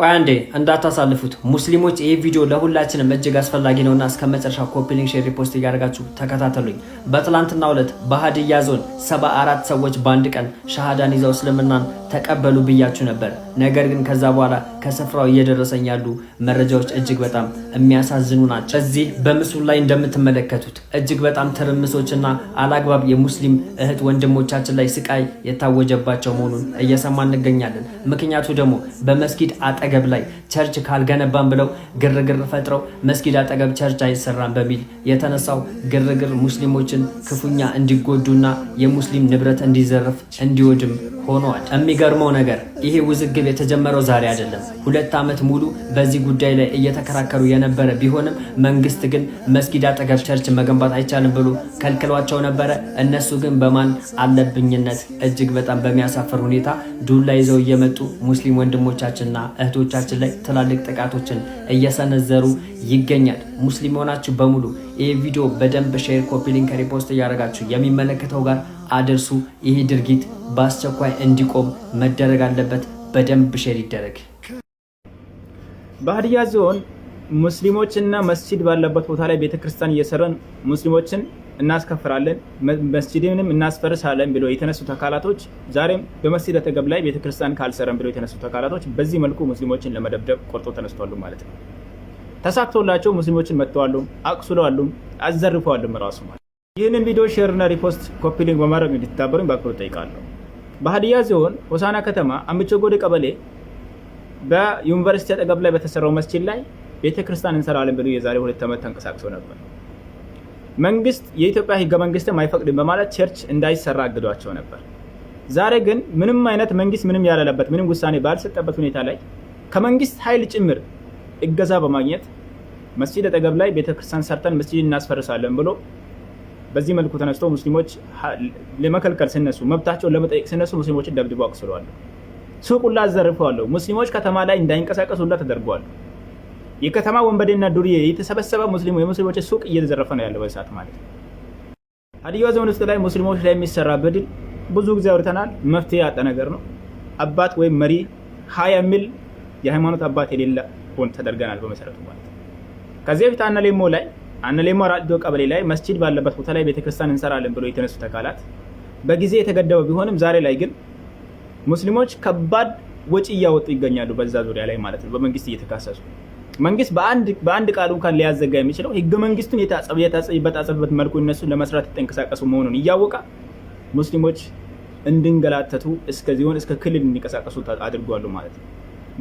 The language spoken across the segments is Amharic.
ቆይ አንዴ እንዳታሳልፉት ሙስሊሞች፣ ይህ ቪዲዮ ለሁላችንም እጅግ አስፈላጊ ነውና እስከ መጨረሻ ኮፒሊንግ፣ ሼር፣ ሪፖስት እያደረጋችሁ ተከታተሉኝ። በትላንትናው ዕለት በሀዲያ ዞን ሰባ አራት ሰዎች በአንድ ቀን ሻሃዳን ይዘው እስልምናን ተቀበሉ ብያችሁ ነበር። ነገር ግን ከዛ በኋላ ከስፍራው እየደረሰኝ ያሉ መረጃዎች እጅግ በጣም የሚያሳዝኑ ናቸው። እዚህ በምስሉ ላይ እንደምትመለከቱት እጅግ በጣም ትርምሶችና አላግባብ የሙስሊም እህት ወንድሞቻችን ላይ ስቃይ የታወጀባቸው መሆኑን እየሰማ እንገኛለን። ምክንያቱ ደግሞ በመስጊድ አጠገብ ላይ ቸርች ካልገነባም ብለው ግርግር ፈጥረው መስጊድ አጠገብ ቸርች አይሰራም በሚል የተነሳው ግርግር ሙስሊሞችን ክፉኛ እንዲጎዱና የሙስሊም ንብረት እንዲዘረፍ እንዲወድም ሆኗል የሚገርመው ነገር ይሄ ውዝግብ የተጀመረው ዛሬ አይደለም። ሁለት ዓመት ሙሉ በዚህ ጉዳይ ላይ እየተከራከሩ የነበረ ቢሆንም መንግስት ግን መስጊድ አጠገብ ቸርች መገንባት አይቻልም ብሎ ከልክሏቸው ነበረ። እነሱ ግን በማን አለብኝነት እጅግ በጣም በሚያሳፍር ሁኔታ ዱላ ይዘው እየመጡ ሙስሊም ወንድሞቻችንና እህቶቻችን ላይ ትላልቅ ጥቃቶችን እየሰነዘሩ ይገኛል። ሙስሊም የሆናችሁ በሙሉ ይህ ቪዲዮ በደንብ ሼር፣ ኮፒ ሊንክ፣ ሪፖስት እያደረጋችሁ የሚመለከተው ጋር አድርሱ። ይህ ድርጊት በአስቸኳይ እንዲቆም መደረግ አለበት። በደንብ ሼር ይደረግ። በሀዲያ ዞን ሙስሊሞችና መስጂድ ባለበት ቦታ ላይ ቤተክርስቲያን እየሰራን ሙስሊሞችን እናስከፍራለን፣ መስጂድንም እናስፈርሳለን ብሎ የተነሱት አካላቶች ዛሬም በመስጂድ አጠገብ ላይ ቤተክርስቲያን ካልሰረን ብሎ የተነሱት አካላቶች በዚህ መልኩ ሙስሊሞችን ለመደብደብ ቆርጦ ተነስተዋሉ ማለት ነው። ተሳክቶላቸው ሙስሊሞችን መጥተዋሉ፣ አቁስለዋሉም፣ አዘርፈዋሉም ራሱ ማለት። ይህንን ቪዲዮ ሼርና ሪፖስት ኮፒሊንግ በማድረግ እንድትታበሩኝ በአክብሮት ጠይቃለሁ። በሀዲያ ዞን ሆሳና ከተማ አምቾ ጎዴ ቀበሌ በዩኒቨርሲቲ አጠገብ ላይ በተሰራው መስጂድ ላይ ቤተክርስቲያን እንሰራለን ብሎ የዛሬ ሁለት ዓመት ተንቀሳቅሶ ነበር። መንግስት የኢትዮጵያ ህገ መንግስትም አይፈቅድም በማለት ቸርች እንዳይሰራ አግዷቸው ነበር። ዛሬ ግን ምንም አይነት መንግስት ምንም ያላለበት ምንም ውሳኔ ባልሰጠበት ሁኔታ ላይ ከመንግስት ኃይል ጭምር እገዛ በማግኘት መስጂድ አጠገብ ላይ ቤተክርስቲያን ሰርተን መስጂድ እናስፈርሳለን ብሎ በዚህ መልኩ ተነስቶ ሙስሊሞች ለመከልከል ስነሱ መብታቸውን ለመጠየቅ ሲነሱ ሙስሊሞችን ደብድበው አቁስለዋል። ሱቁላ አዘርፈዋለሁ። ሙስሊሞች ከተማ ላይ እንዳይንቀሳቀሱላ ተደርጓል። የከተማ ወንበዴና ዱርዬ የተሰበሰበ ሙስሊሙ የሙስሊሞች ሱቅ እየተዘረፈ ነው ያለው በሰዓት ማለት ነው። ሀዲያ ዞን ውስጥ ላይ ሙስሊሞች ላይ የሚሰራ በድል ብዙ ጊዜ አውርተናል። መፍትሄ ያጠ ነገር ነው። አባት ወይም መሪ ሀያ የሚል የሃይማኖት አባት የሌለ ሆን ተደርገናል በመሰረቱ ማለት ነው። ከዚህ በፊት አነሌሞ ላይ አነሌሞ አራዶ ቀበሌ ላይ መስጂድ ባለበት ቦታ ላይ ቤተክርስቲያን እንሰራለን ብሎ የተነሱት አካላት በጊዜ የተገደበ ቢሆንም ዛሬ ላይ ግን ሙስሊሞች ከባድ ወጪ እያወጡ ይገኛሉ። በዛ ዙሪያ ላይ ማለት ነው በመንግስት እየተካሰሱ መንግስት በአንድ ቃሉ እንኳን ሊያዘጋ የሚችለው ህገ መንግስቱን በታጸበበት መልኩ እነሱን ለመስራት የተንቀሳቀሱ መሆኑን እያወቀ ሙስሊሞች እንድንገላተቱ እስከዚሆን እስከ ክልል እንዲንቀሳቀሱ አድርጓሉ ማለት ነው።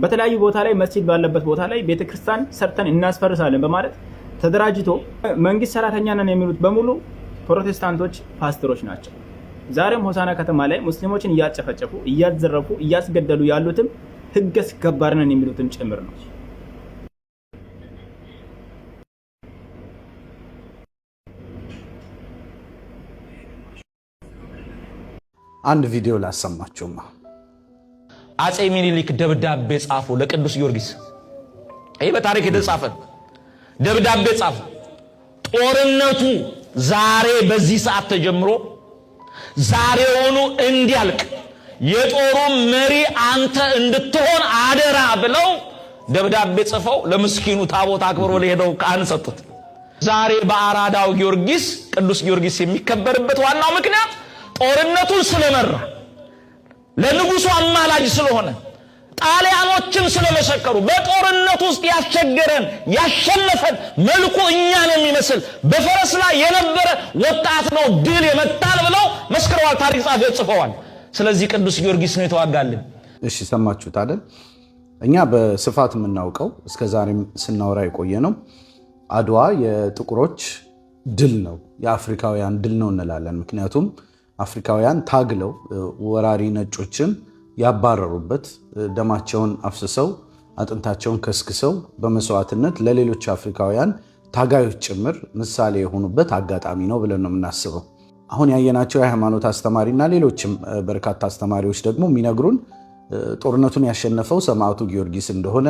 በተለያዩ ቦታ ላይ መስጂድ ባለበት ቦታ ላይ ቤተክርስቲያን ሰርተን እናስፈርሳለን በማለት ተደራጅቶ መንግስት ሰራተኛ ነን የሚሉት በሙሉ ፕሮቴስታንቶች ፓስተሮች ናቸው። ዛሬም ሆሳና ከተማ ላይ ሙስሊሞችን እያጨፈጨፉ እያዘረፉ እያስገደሉ ያሉትም ህግ አስከባሪ ነን የሚሉትም ጭምር ነው። አንድ ቪዲዮ ላሰማችሁማ። አፄ ሚኒሊክ ደብዳቤ ጻፉ ለቅዱስ ጊዮርጊስ። ይህ በታሪክ የተጻፈ ደብዳቤ ጻፉ። ጦርነቱ ዛሬ በዚህ ሰዓት ተጀምሮ ዛሬውኑ እንዲያልቅ የጦሩ መሪ አንተ እንድትሆን አደራ ብለው ደብዳቤ ጽፈው ለምስኪኑ ታቦት አክብሮ ለሄደው ካህን ሰጡት። ዛሬ በአራዳው ጊዮርጊስ ቅዱስ ጊዮርጊስ የሚከበርበት ዋናው ምክንያት ጦርነቱን ስለመራ ለንጉሱ አማላጅ ስለሆነ ጣሊያኖችን ስለመሰከሩ በጦርነት ውስጥ ያስቸገረን ያሸነፈን መልኩ እኛን የሚመስል በፈረስ ላይ የነበረ ወጣት ነው ድል የመታል ብለው መስክረዋል። ታሪክ ጻፊዎች ጽፈዋል። ስለዚህ ቅዱስ ጊዮርጊስ ነው የተዋጋልን። እሺ ሰማችሁት አይደል? እኛ በስፋት የምናውቀው እስከ ዛሬም ስናወራ የቆየ ነው። አድዋ የጥቁሮች ድል ነው፣ የአፍሪካውያን ድል ነው እንላለን። ምክንያቱም አፍሪካውያን ታግለው ወራሪ ነጮችን ያባረሩበት ደማቸውን አፍስሰው አጥንታቸውን ከስክሰው በመስዋዕትነት ለሌሎች አፍሪካውያን ታጋዮች ጭምር ምሳሌ የሆኑበት አጋጣሚ ነው ብለን ነው የምናስበው። አሁን ያየናቸው የሃይማኖት አስተማሪና ሌሎችም በርካታ አስተማሪዎች ደግሞ የሚነግሩን ጦርነቱን ያሸነፈው ሰማዕቱ ጊዮርጊስ እንደሆነ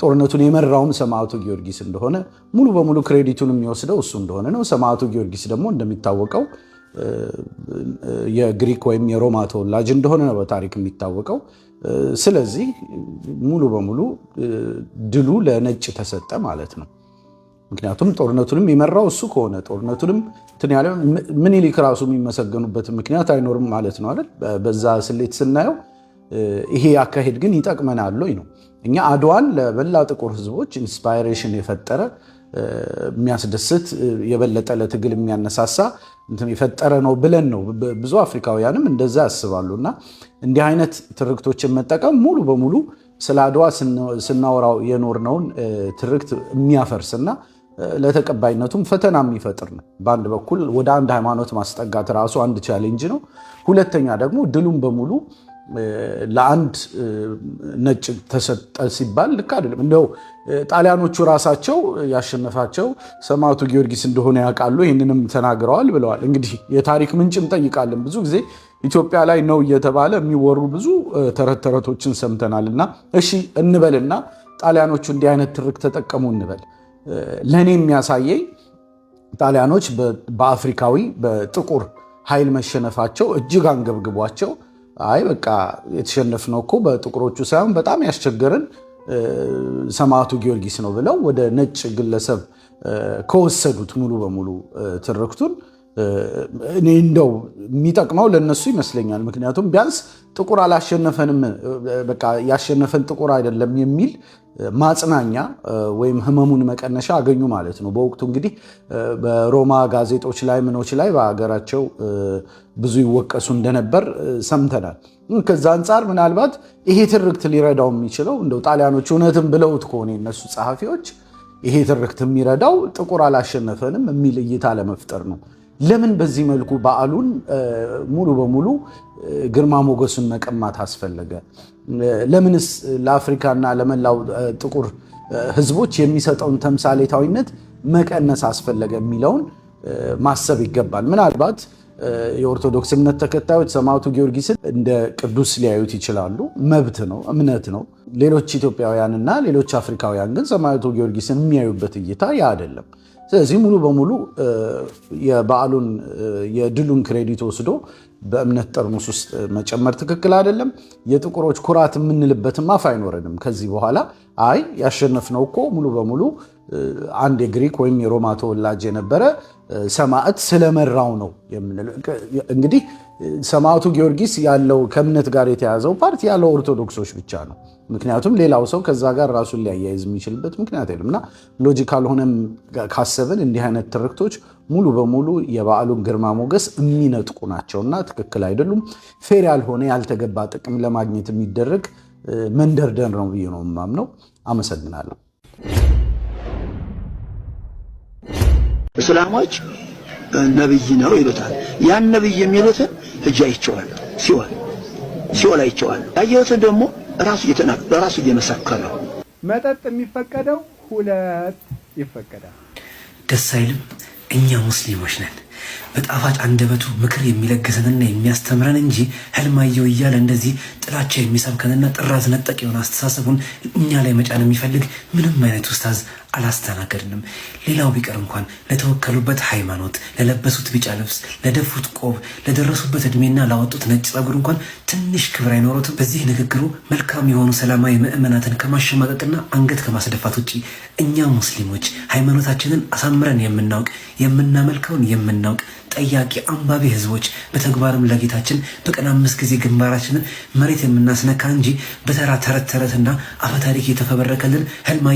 ጦርነቱን የመራውም ሰማዕቱ ጊዮርጊስ እንደሆነ ሙሉ በሙሉ ክሬዲቱን የሚወስደው እሱ እንደሆነ ነው። ሰማዕቱ ጊዮርጊስ ደግሞ እንደሚታወቀው የግሪክ ወይም የሮማ ተወላጅ እንደሆነ ነው በታሪክ የሚታወቀው። ስለዚህ ሙሉ በሙሉ ድሉ ለነጭ ተሰጠ ማለት ነው። ምክንያቱም ጦርነቱንም የመራው እሱ ከሆነ ጦርነቱንም እንትን ያለ ምኒልክ ራሱ የሚመሰገኑበት ምክንያት አይኖርም ማለት ነው አይደል? በዛ ስሌት ስናየው ይሄ አካሄድ ግን ይጠቅመናል ነው። እኛ አድዋን ለበላ ጥቁር ህዝቦች ኢንስፓይሬሽን የፈጠረ የሚያስደስት የበለጠ ለትግል የሚያነሳሳ የፈጠረ ነው ብለን ነው። ብዙ አፍሪካውያንም እንደዛ ያስባሉ። እና እንዲህ አይነት ትርክቶችን መጠቀም ሙሉ በሙሉ ስለ አድዋ ስናወራው የኖርነውን ትርክት የሚያፈርስና ለተቀባይነቱም ፈተና የሚፈጥር ነው። በአንድ በኩል ወደ አንድ ሃይማኖት ማስጠጋት ራሱ አንድ ቻሌንጅ ነው። ሁለተኛ ደግሞ ድሉም በሙሉ ለአንድ ነጭ ተሰጠ ሲባል ልክ አይደለም። እንደው ጣሊያኖቹ ራሳቸው ያሸነፋቸው ሰማዕቱ ጊዮርጊስ እንደሆነ ያውቃሉ፣ ይህንንም ተናግረዋል ብለዋል። እንግዲህ የታሪክ ምንጭ እንጠይቃለን። ብዙ ጊዜ ኢትዮጵያ ላይ ነው እየተባለ የሚወሩ ብዙ ተረት ተረቶችን ሰምተናል። እና እሺ እንበልና ጣሊያኖቹ እንዲህ አይነት ትርክ ተጠቀሙ እንበል። ለእኔ የሚያሳየኝ ጣሊያኖች በአፍሪካዊ በጥቁር ኃይል መሸነፋቸው እጅግ አንገብግቧቸው አይ በቃ የተሸነፍነው እኮ በጥቁሮቹ ሳይሆን በጣም ያስቸገረን ሰማዕቱ ጊዮርጊስ ነው ብለው ወደ ነጭ ግለሰብ ከወሰዱት ሙሉ በሙሉ ትርክቱን እኔ እንደው የሚጠቅመው ለነሱ ይመስለኛል። ምክንያቱም ቢያንስ ጥቁር አላሸነፈንም፣ በቃ ያሸነፈን ጥቁር አይደለም የሚል ማጽናኛ ወይም ህመሙን መቀነሻ አገኙ ማለት ነው። በወቅቱ እንግዲህ በሮማ ጋዜጦች ላይ ምኖች ላይ በሀገራቸው ብዙ ይወቀሱ እንደነበር ሰምተናል። ከዛ አንጻር ምናልባት ይሄ ትርክት ሊረዳው የሚችለው እንደው ጣሊያኖች እውነትም ብለውት ከሆነ የነሱ ጸሐፊዎች ይሄ ትርክት የሚረዳው ጥቁር አላሸነፈንም የሚል እይታ ለመፍጠር ነው። ለምን በዚህ መልኩ በዓሉን ሙሉ በሙሉ ግርማ ሞገሱን መቀማት አስፈለገ? ለምንስ ለአፍሪካና ለመላው ጥቁር ሕዝቦች የሚሰጠውን ተምሳሌታዊነት መቀነስ አስፈለገ የሚለውን ማሰብ ይገባል። ምናልባት የኦርቶዶክስ እምነት ተከታዮች ሰማዕቱ ጊዮርጊስን እንደ ቅዱስ ሊያዩት ይችላሉ። መብት ነው፣ እምነት ነው። ሌሎች ኢትዮጵያውያን እና ሌሎች አፍሪካውያን ግን ሰማያቱ ጊዮርጊስን የሚያዩበት እይታ ያ አይደለም። ስለዚህ ሙሉ በሙሉ የበዓሉን የድሉን ክሬዲት ወስዶ በእምነት ጠርሙስ ውስጥ መጨመር ትክክል አይደለም። የጥቁሮች ኩራት የምንልበትም አፍ አይኖረንም ከዚህ በኋላ። አይ ያሸነፍነው እኮ ሙሉ በሙሉ አንድ የግሪክ ወይም የሮማ ተወላጅ የነበረ ሰማዕት ስለመራው ነው የምንለው። እንግዲህ ሰማዕቱ ጊዮርጊስ ያለው ከእምነት ጋር የተያዘው ፓርቲ ያለው ኦርቶዶክሶች ብቻ ነው። ምክንያቱም ሌላው ሰው ከዛ ጋር ራሱን ሊያያይዝ የሚችልበት ምክንያት የለም እና ሎጂካል ሆነም ካሰብን እንዲህ አይነት ትርክቶች ሙሉ በሙሉ የበዓሉን ግርማ ሞገስ የሚነጥቁ ናቸውና ትክክል አይደሉም። ፌር ያልሆነ ያልተገባ ጥቅም ለማግኘት የሚደረግ መንደርደር ነው ብዬ ነው የማምነው። አመሰግናለሁ። እስላሞች ነብይ ነው ይሉታል። ያን ነብይ የሚሉትን እጅ አይቼዋለሁ፣ ሲወል ሲወል አይቼዋለሁ። ያየሁትን ደግሞ ራሱ እየተናገረ ራሱ እየመሰከረ መጠጥ የሚፈቀደው ሁለት ይፈቀዳል። ደስ አይልም። እኛ ሙስሊሞች ነን። በጣፋጭ አንደበቱ ምክር የሚለግሰንና የሚያስተምረን እንጂ ህልማየው እያለ እንደዚህ ጥላቻ የሚሰብከንና ጥራዝ ነጠቅ የሆነ አስተሳሰቡን እኛ ላይ መጫን የሚፈልግ ምንም አይነት ውስታዝ አላስተናገድንም። ሌላው ቢቀር እንኳን ለተወከሉበት ሃይማኖት፣ ለለበሱት ቢጫ ልብስ፣ ለደፉት ቆብ፣ ለደረሱበት እድሜና ላወጡት ነጭ ጸጉር እንኳን ትንሽ ክብር አይኖሩትም። በዚህ ንግግሩ መልካም የሆኑ ሰላማዊ ምዕመናትን ከማሸማቀቅና አንገት ከማስደፋት ውጭ እኛ ሙስሊሞች ሃይማኖታችንን አሳምረን የምናውቅ የምናመልከውን የምና የምናውቅ ጠያቂ አንባቢ ህዝቦች በተግባርም ለጌታችን በቀን አምስት ጊዜ ግንባራችንን መሬት የምናስነካ እንጂ በተራ ተረት ተረትና አፈታሪክ የተፈበረከልን ህልም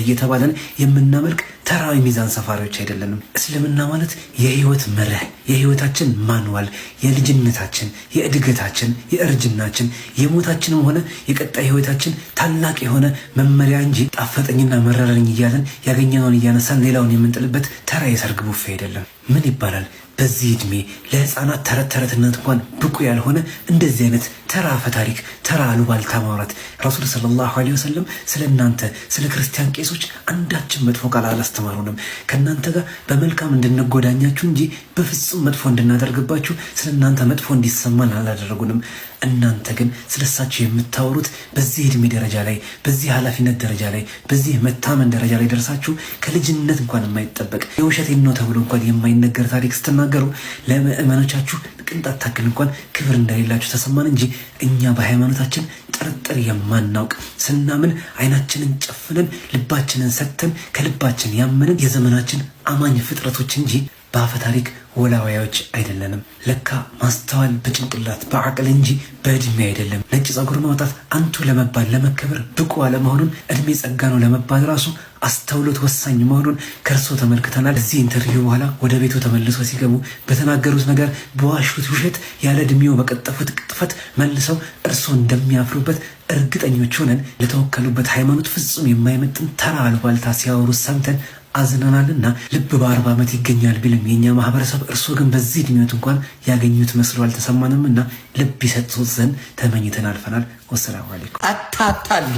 እየተባለን የምናመልክ ተራዊ ሚዛን ሰፋሪዎች አይደለንም። እስልምና ማለት የህይወት መርህ፣ የህይወታችን ማንዋል፣ የልጅነታችን፣ የእድገታችን፣ የእርጅናችን፣ የሞታችንም ሆነ የቀጣይ ህይወታችን ታላቅ የሆነ መመሪያ እንጂ ጣፈጠኝና መረረኝ እያለን ያገኘነውን እያነሳን ሌላውን የምንጥልበት ተራ የሰርግ ቡፌ አይደለም። ምን ይባላል በዚህ እድሜ ለህፃናት ተረት ተረትነት እንኳን ብቁ ያልሆነ እንደዚህ አይነት ተራ ፈታሪክ ተራ አሉባልታ ማውራት። ረሱል ሰለላሁ ዐለይሂ ወሰለም ስለ እናንተ ስለ ክርስቲያን ቄሶች አንዳችን መጥፎ ቃል አላስተማሩንም። ከእናንተ ጋር በመልካም እንድንጎዳኛችሁ እንጂ በፍጹም መጥፎ እንድናደርግባችሁ ስለ እናንተ መጥፎ እንዲሰማን አላደረጉንም። እናንተ ግን ስለሳችሁ የምታወሩት በዚህ እድሜ ደረጃ ላይ በዚህ ኃላፊነት ደረጃ ላይ በዚህ መታመን ደረጃ ላይ ደርሳችሁ ከልጅነት እንኳን የማይጠበቅ የውሸት ነው ተብሎ እንኳን የማይነገር ታሪክ ስትናገሩ ለምእመኖቻችሁ ቅንጣት ታክል እንኳን ክብር እንደሌላችሁ ተሰማን እንጂ እኛ በሃይማኖታችን ጥርጥር የማናውቅ ስናምን አይናችንን ጨፍነን ልባችንን ሰጥተን ከልባችን ያመንን የዘመናችን አማኝ ፍጥረቶች እንጂ በአፈ ታሪክ ወላዋያዎች አይደለንም። ለካ ማስተዋል በጭንቅላት በአቅል እንጂ በእድሜ አይደለም። ነጭ ጸጉር ማውጣት አንቱ ለመባል ለመከበር ብቁ አለመሆኑን እድሜ ጸጋ ነው ለመባል ራሱ አስተውሎት ወሳኝ መሆኑን ከእርሶ ተመልክተናል። እዚህ ኢንተርቪው በኋላ ወደ ቤቱ ተመልሶ ሲገቡ በተናገሩት ነገር፣ በዋሹት ውሸት፣ ያለ እድሜው በቀጠፉት ቅጥፈት መልሰው እርሶ እንደሚያፍሩበት እርግጠኞች ሆነን ለተወከሉበት ሃይማኖት ፍጹም የማይመጥን ተራ አልባልታ ሲያወሩ ሰምተን አዝነናልና ልብ በአርባ ዓመት ይገኛል ቢልም የእኛ ማህበረሰብ እርሱ ግን በዚህ እድሜዎት እንኳን ያገኙት መስሎ አልተሰማንም አልተሰማንምና ልብ ይሰጡት ዘንድ ተመኝተን አልፈናል። ወሰላሙ አለይኩም። አታታሉ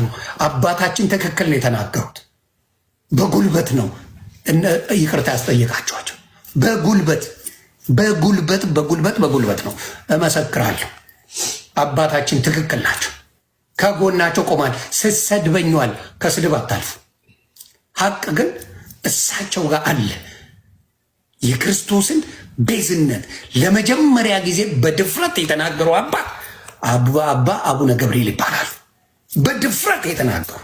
አባታችን ትክክል ነው የተናገሩት። በጉልበት ነው ይቅርታ ያስጠየቃቸኋቸው። በጉልበት በጉልበት በጉልበት በጉልበት ነው። እመሰክራለሁ አባታችን ትክክል ናቸው። ከጎናቸው ቆማል። ስሰድበኛዋል ከስድብ አታልፉ። ሀቅ ግን እሳቸው ጋር አለ። የክርስቶስን ቤዝነት ለመጀመሪያ ጊዜ በድፍረት የተናገሩ አባት አባ አባ አቡነ ገብርኤል ይባላሉ። በድፍረት የተናገሩ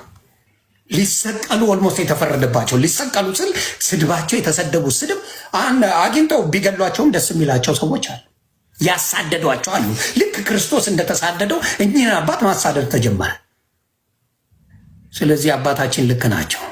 ሊሰቀሉ ኦልሞስት የተፈረደባቸው ሊሰቀሉ ስል ስድባቸው የተሰደቡ ስድብ አግኝተው ቢገሏቸውም ደስ የሚላቸው ሰዎች አሉ። ያሳደዷቸው አሉ። ልክ ክርስቶስ እንደተሳደደው እኚህን አባት ማሳደድ ተጀመረ። ስለዚህ አባታችን ልክ ናቸው።